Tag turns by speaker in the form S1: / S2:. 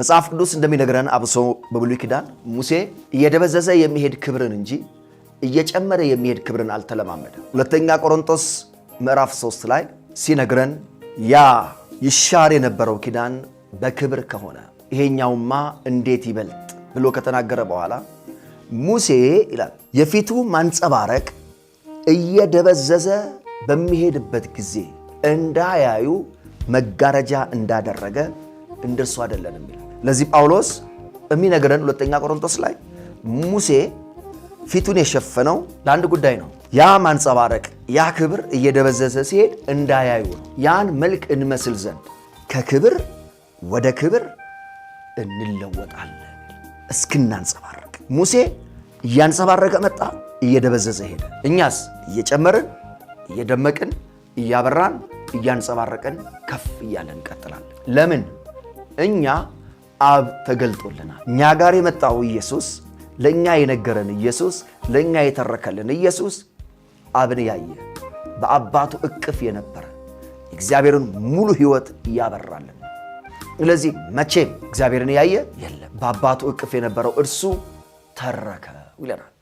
S1: መጽሐፍ ቅዱስ እንደሚነግረን አብሶ በብሉይ ኪዳን ሙሴ እየደበዘዘ የሚሄድ ክብርን እንጂ እየጨመረ የሚሄድ ክብርን አልተለማመደም። ሁለተኛ ቆሮንቶስ ምዕራፍ 3 ላይ ሲነግረን ያ ይሻር የነበረው ኪዳን በክብር ከሆነ ይሄኛውማ እንዴት ይበልጥ ብሎ ከተናገረ በኋላ ሙሴ ይላል የፊቱ ማንጸባረቅ እየደበዘዘ በሚሄድበት ጊዜ እንዳያዩ መጋረጃ እንዳደረገ እንደርሱ አይደለንም ይላል። ለዚህ ጳውሎስ የሚነግረን ሁለተኛ ቆሮንቶስ ላይ ሙሴ ፊቱን የሸፈነው ለአንድ ጉዳይ ነው። ያ ማንጸባረቅ፣ ያ ክብር እየደበዘዘ ሲሄድ እንዳያዩ ነው። ያን መልክ እንመስል ዘንድ ከክብር ወደ ክብር እንለወጣለን እስክናንጸባረቅ። ሙሴ እያንጸባረቀ መጣ፣ እየደበዘዘ ሄደ። እኛስ እየጨመርን እየደመቅን እያበራን እያንጸባረቅን ከፍ እያለን እንቀጥላለን። ለምን እኛ አብ ተገልጦልናል። እኛ ጋር የመጣው ኢየሱስ፣ ለእኛ የነገረን ኢየሱስ፣ ለእኛ የተረከልን ኢየሱስ አብን ያየ በአባቱ እቅፍ የነበረ እግዚአብሔርን ሙሉ ሕይወት እያበራልን። ስለዚህ መቼም እግዚአብሔርን ያየ የለም። በአባቱ እቅፍ የነበረው እርሱ ተረከው ይለናል።